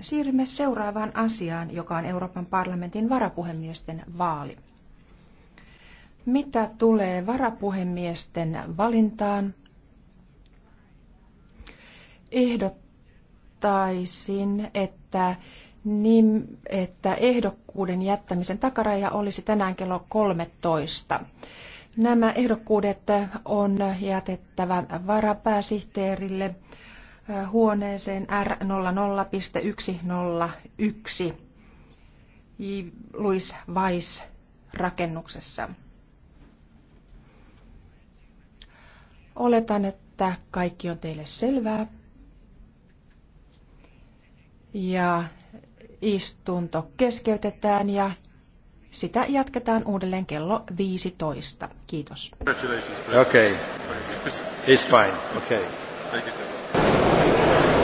Siirrymme seuraavaan asiaan, joka on Euroopan parlamentin varapuhemiesten vaali. Mitä tulee varapuhemiesten valintaan? Ehdottaisin, että, niin, että ehdokkuuden jättämisen takaraja olisi tänään kello 13. Nämä ehdokkuudet on jätettävä varapääsihteerille huoneeseen R00.101 Louis Weiss rakennuksessa. Oletan, että kaikki on teille selvää. Ja istunto keskeytetään ja sitä jatketaan uudelleen kello 15. Kiitos. Okay. It's fine. Okay. Thank you so